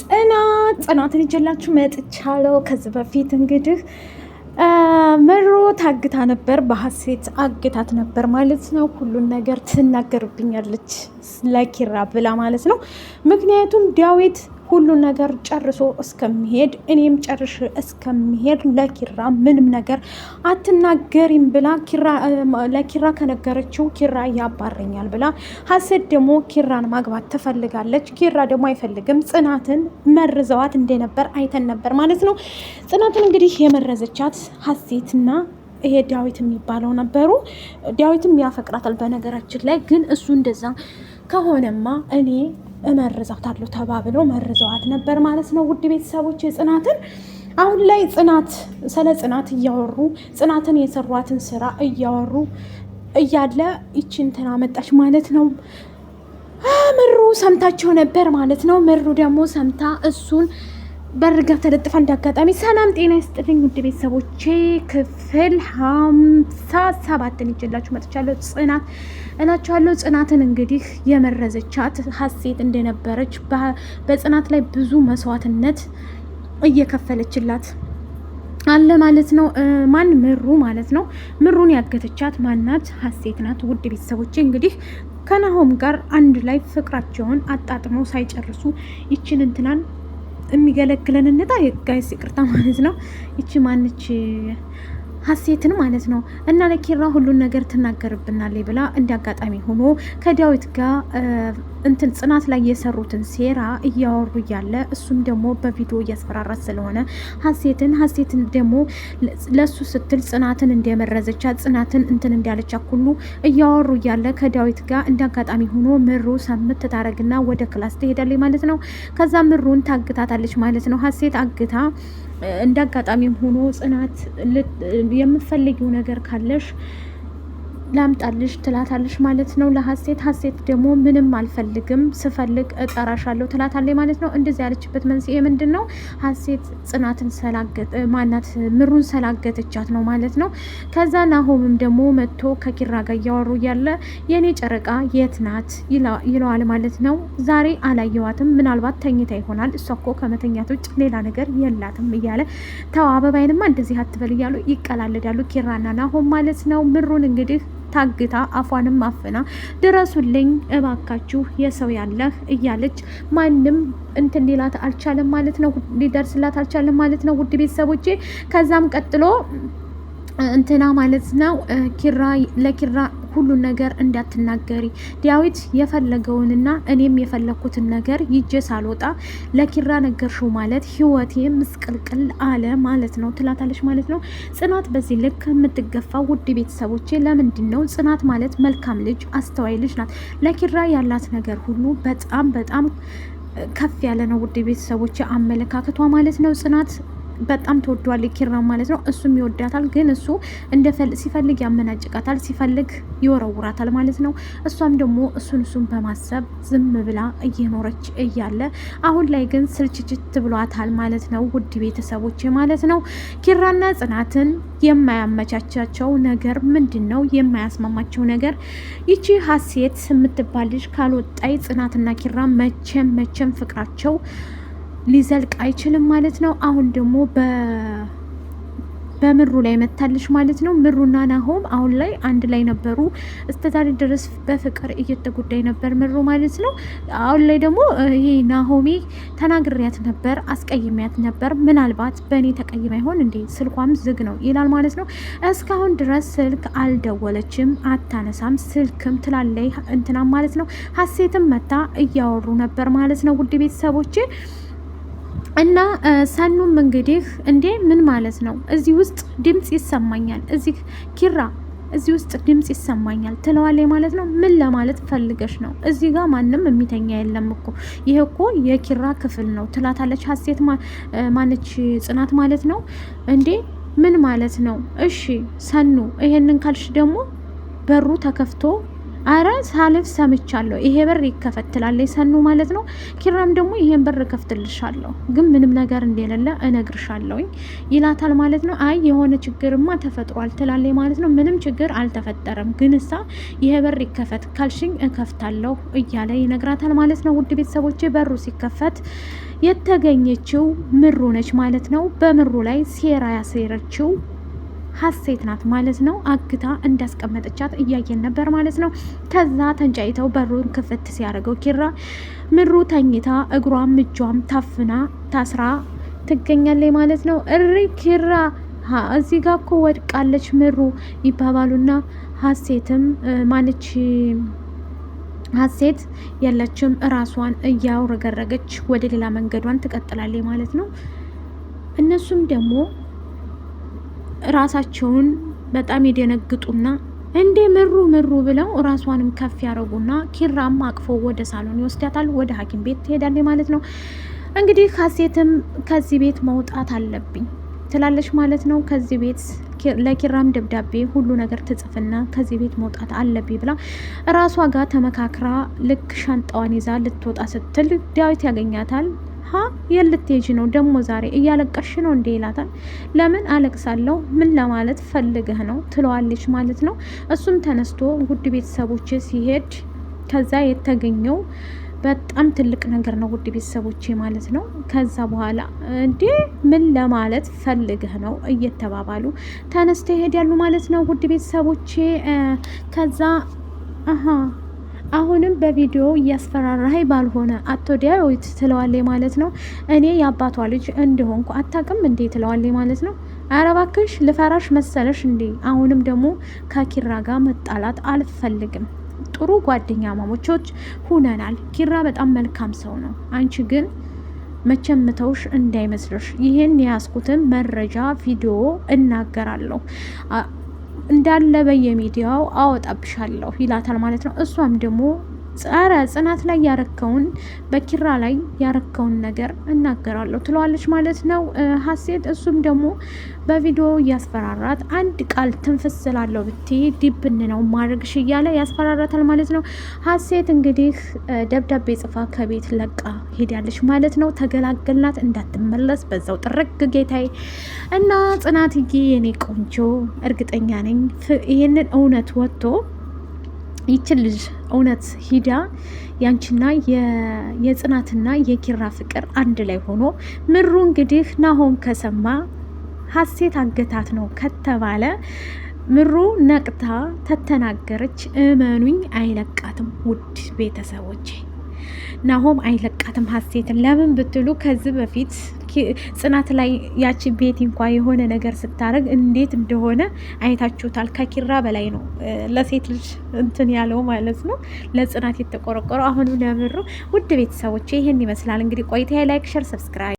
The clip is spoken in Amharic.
ጽናት ጽናትን ይዤላችሁ መጥቻለሁ። ከዚህ በፊት እንግዲህ ምሩ ታግታ ነበር፣ በሀሴት አግታት ነበር ማለት ነው። ሁሉን ነገር ትናገርብኛለች ለኪራ ብላ ማለት ነው። ምክንያቱም ዳዊት ሁሉን ነገር ጨርሶ እስከሚሄድ እኔም ጨርሽ እስከሚሄድ ለኪራ ምንም ነገር አትናገሪም ብላ ለኪራ ከነገረችው ኪራ ያባረኛል ብላ ሀሴት ደግሞ ኪራን ማግባት ትፈልጋለች። ኪራ ደግሞ አይፈልግም። ጽናትን መርዘዋት እንደነበር አይተን ነበር ማለት ነው። ጽናትን እንግዲህ የመረዘቻት ሀሴትና ይሄ ዳዊት የሚባለው ነበሩ። ዳዊትም ያፈቅራታል። በነገራችን ላይ ግን እሱ እንደዛ ከሆነማ እኔ እመርዛታለሁ ተባብለው መርዘዋት ነበር ማለት ነው። ውድ ቤተሰቦች ጽናትን አሁን ላይ ጽናት ስለ ጽናት እያወሩ ጽናትን የሰሯትን ስራ እያወሩ እያለ ይቺ እንትን አመጣች ማለት ነው። ምሩ ሰምታቸው ነበር ማለት ነው። ምሩ ደግሞ ሰምታ እሱን በርጋ ተለጥፋ እንዳጋጣሚ ሰላም ጤና ይስጥልኝ ውድ ቤተሰቦቼ ክፍል ሀምሳ ሰባትን ይዤላችሁ መጥቻለሁ። ጽናት እላችኋለሁ። ጽናትን እንግዲህ የመረዘቻት ሀሴት እንደነበረች በጽናት ላይ ብዙ መስዋዕትነት እየከፈለችላት አለ ማለት ነው። ማን ምሩ ማለት ነው። ምሩን ያገተቻት ማናት? ሀሴት ናት። ውድ ቤተሰቦቼ እንግዲህ ከናሆም ጋር አንድ ላይ ፍቅራቸውን አጣጥመው ሳይጨርሱ ይችን እንትናን የሚገለግለን እንጣ ጋይስ ይቅርታ ማለት ነው። ይቺ ማንች ሀሴትን ማለት ነው እና ለኪራ ሁሉን ነገር ትናገርብናለች ብላ እንደ አጋጣሚ ሆኖ ከዳዊት ጋር እንትን ጽናት ላይ የሰሩትን ሴራ እያወሩ እያለ እሱም ደግሞ በቪዲዮ እያስፈራራት ስለሆነ ሀሴትን ሀሴትን ደግሞ ለእሱ ስትል ጽናትን እንደመረዘቻ ጽናትን እንትን እንዳለቻ ሁሉ እያወሩ እያለ ከዳዊት ጋር እንደ አጋጣሚ ሆኖ ምሩ ሰምት ትታረግና ወደ ክላስ ትሄዳለች ማለት ነው። ከዛ ምሩን ታግታታለች ማለት ነው። ሀሴት አግታ እንደ አጋጣሚም ሆኖ ጽናት የምፈልጊው ነገር ካለሽ ላምጣልሽ ትላታለሽ ማለት ነው ለሀሴት። ሀሴት ደግሞ ምንም አልፈልግም ስፈልግ እጠራሻለሁ ትላታለች ማለት ነው። እንደዚህ ያለችበት መንስኤ ምንድን ነው? ሀሴት ጽናትን ሰላገጥ ማናት ምሩን ሰላገተቻት ነው ማለት ነው። ከዛ ናሆምም ደግሞ መጥቶ ከኪራ ጋር እያወሩ እያለ የእኔ ጨረቃ የት ናት ይለዋል ማለት ነው። ዛሬ አላየዋትም፣ ምናልባት ተኝታ ይሆናል። እሷ እኮ ከመተኛት ውጭ ሌላ ነገር የላትም እያለ ተው አበባይንማ እንደዚህ አትበል እያሉ ይቀላልዳሉ ኪራና ናሆም ማለት ነው። ምሩን እንግዲህ ታግታ አፏንም አፍና ድረሱልኝ እባካችሁ የሰው ያለህ እያለች ማንም እንትን ሊላት አልቻለም ማለት ነው፣ ሊደርስላት አልቻለም ማለት ነው። ውድ ቤተሰቦቼ ከዛም ቀጥሎ እንትና ማለት ነው ኪራ ለኪራ ሁሉን ነገር እንዳትናገሪ፣ ዳዊት የፈለገውንና እኔም የፈለግኩትን ነገር ይዤ ሳልወጣ ለኪራ ነገርሽው ማለት ህይወቴ ምስቅልቅል አለ ማለት ነው ትላታለች ማለት ነው። ጽናት በዚህ ልክ የምትገፋ ውድ ቤተሰቦቼ ለምንድን ነው? ጽናት ማለት መልካም ልጅ፣ አስተዋይ ልጅ ናት። ለኪራ ያላት ነገር ሁሉ በጣም በጣም ከፍ ያለ ነው። ውድ ቤተሰቦች አመለካከቷ ማለት ነው ጽናት በጣም ተወዷል ኪራ ማለት ነው። እሱም ይወዳታል፣ ግን እሱ እንደ ሲፈልግ ያመናጭቃታል፣ ሲፈልግ ይወረውራታል ማለት ነው። እሷም ደግሞ እሱን እሱን በማሰብ ዝም ብላ እየኖረች እያለ አሁን ላይ ግን ስልችችት ብሏታል ማለት ነው። ውድ ቤተሰቦች ማለት ነው ኪራና ጽናትን የማያመቻቻቸው ነገር ምንድን ነው? የማያስማማቸው ነገር ይቺ ሀሴት የምትባል ልጅ ካልወጣይ ጽናትና ኪራ መቼም መቼም ፍቅራቸው ሊዘልቅ አይችልም ማለት ነው። አሁን ደግሞ በምሩ ላይ መታለች ማለት ነው። ምሩና ናሆም አሁን ላይ አንድ ላይ ነበሩ። እስከዛሬ ድረስ በፍቅር እየተጎዳይ ነበር ምሩ ማለት ነው። አሁን ላይ ደግሞ ይሄ ናሆሜ ተናግሪያት ነበር፣ አስቀይሚያት ነበር፣ ምናልባት በእኔ ተቀይማ ይሆን እንዴ ስልኳም ዝግ ነው ይላል ማለት ነው። እስካሁን ድረስ ስልክ አልደወለችም፣ አታነሳም፣ ስልክም ትላለይ እንትናም ማለት ነው። ሀሴትም መታ እያወሩ ነበር ማለት ነው። ውድ ቤተሰቦቼ እና ሰኑም እንግዲህ እንዴ ምን ማለት ነው እዚህ ውስጥ ድምፅ ይሰማኛል፣ እዚህ ኪራ እዚህ ውስጥ ድምፅ ይሰማኛል ትለዋለች ማለት ነው። ምን ለማለት ፈልገሽ ነው? እዚህ ጋር ማንም የሚተኛ የለም እኮ ይሄ እኮ የኪራ ክፍል ነው ትላታለች ሀሴት ማነች ጽናት ማለት ነው። እንዴ ምን ማለት ነው? እሺ ሰኑ ይሄንን ካልሽ ደግሞ በሩ ተከፍቶ አረ ሳልፍ ሰምቻለሁ፣ ይሄ በር ይከፈትላል ትላለች ሰኑ ማለት ነው። ኪራም ደግሞ ይሄን በር ከፍትልሻለሁ፣ ግን ምንም ነገር እንደሌለ እነግርሻለሁኝ ይላታል ማለት ነው። አይ የሆነ ችግርማ ተፈጥሯል ትላለች ማለት ነው። ምንም ችግር አልተፈጠረም፣ ግን እሳ ይሄ በር ይከፈት ካልሽኝ እከፍታለሁ እያለ ይነግራታል ማለት ነው። ውድ ቤተሰቦቼ በሩ ሲከፈት የተገኘችው ምሩ ነች ማለት ነው። በምሩ ላይ ሴራ ያሴረችው ሀሴት ናት ማለት ነው። አግታ እንዳስቀመጠቻት እያየን ነበር ማለት ነው። ከዛ ተንጫይተው በሩን ክፍት ሲያደርገው ኪራ ምሩ ተኝታ እግሯም እጇም ታፍና ታስራ ትገኛለች ማለት ነው። እሪ ኪራ እዚህ ጋ እኮ ወድቃለች ምሩ ይባባሉና ሀሴትም ማለች ሀሴት ያለችም እራሷን እያውረገረገች ወደ ሌላ መንገዷን ትቀጥላለች ማለት ነው። እነሱም ደግሞ ራሳቸውን በጣም የደነግጡና እንዴ ምሩ ምሩ ብለው ራሷንም ከፍ ያደረጉና ኪራም አቅፎ ወደ ሳሎን ይወስዳታል። ወደ ሐኪም ቤት ትሄዳለች ማለት ነው። እንግዲህ ሀሴትም ከዚህ ቤት መውጣት አለብኝ ትላለች ማለት ነው። ከዚህ ቤት ለኪራም ደብዳቤ ሁሉ ነገር ትጽፍና ከዚህ ቤት መውጣት አለብኝ ብላ ራሷ ጋር ተመካክራ ልክ ሻንጣዋን ይዛ ልትወጣ ስትል ዳዊት ያገኛታል። ሀ የልትጅ ነው ደግሞ ዛሬ እያለቀሽ ነው እንዴ ይላታል። ለምን አለቅሳለሁ? ምን ለማለት ፈልገህ ነው ትለዋለች ማለት ነው። እሱም ተነስቶ ውድ ቤተሰቦች ሲሄድ ከዛ የተገኘው በጣም ትልቅ ነገር ነው ውድ ቤተሰቦቼ ማለት ነው። ከዛ በኋላ እንዴ ምን ለማለት ፈልግህ ነው እየተባባሉ ተነስተው ይሄዳሉ ማለት ነው ውድ ቤተሰቦቼ ከዛ አሁንም በቪዲዮ እያስፈራራህ ባልሆነ አቶዲያ ትለዋለ ማለት ነው። እኔ የአባቷ ልጅ እንደሆንኩ አታውቅም እንዴ ትለዋለ ማለት ነው። አረባክሽ እባክሽ ልፈራሽ መሰለሽ እንዴ? አሁንም ደግሞ ከኪራ ጋር መጣላት አልፈልግም። ጥሩ ጓደኛ ማሞቾች ሁነናል። ኪራ በጣም መልካም ሰው ነው። አንቺ ግን መቸምተውሽ ተውሽ እንዳይመስልሽ። ይህን የያዝኩትን መረጃ ቪዲዮ እናገራለሁ እንዳለ በየሚዲያው አወጣብሻለሁ ይላታል ማለት ነው። እሷም ደግሞ ጸረ ጽናት ላይ ያረከውን በኪራ ላይ ያረከውን ነገር እናገራለሁ ትለዋለች ማለት ነው ሀሴት። እሱም ደግሞ በቪዲዮ እያስፈራራት አንድ ቃል ትንፍስ ስላለው ብትይ ዲብን ነው ማድረግሽ እያለ ያስፈራራታል ማለት ነው። ሀሴት እንግዲህ ደብዳቤ ጽፋ ከቤት ለቃ ሄዳለች ማለት ነው። ተገላገልናት፣ እንዳትመለስ በዛው ጥርግ ጌታዬ እና ጽናትዬ፣ የኔ ቆንጆ እርግጠኛ ነኝ ይህንን እውነት ወጥቶ ይችን ልጅ እውነት ሂዳ ያንቺና የጽናትና የኪራ ፍቅር አንድ ላይ ሆኖ ምሩ እንግዲህ ናሆም ከሰማ ሀሴት አገታት ነው ከተባለ ምሩ ነቅታ ተተናገረች። እመኑኝ አይለቃትም፣ ውድ ቤተሰቦቼ ናሆም አይለቃትም ሀሴትን። ለምን ብትሉ ከዚህ በፊት ጽናት ላይ ያቺ ቤቲ እንኳ የሆነ ነገር ስታደርግ እንዴት እንደሆነ አይታችሁታል። ከኪራ በላይ ነው ለሴት ልጅ እንትን ያለው ማለት ነው፣ ለጽናት የተቆረቆረው አሁንም ለምሩ። ውድ ቤተሰቦች ይህን ይመስላል እንግዲህ ቆይታ። ላይክ፣ ሸር፣ ሰብስክራይብ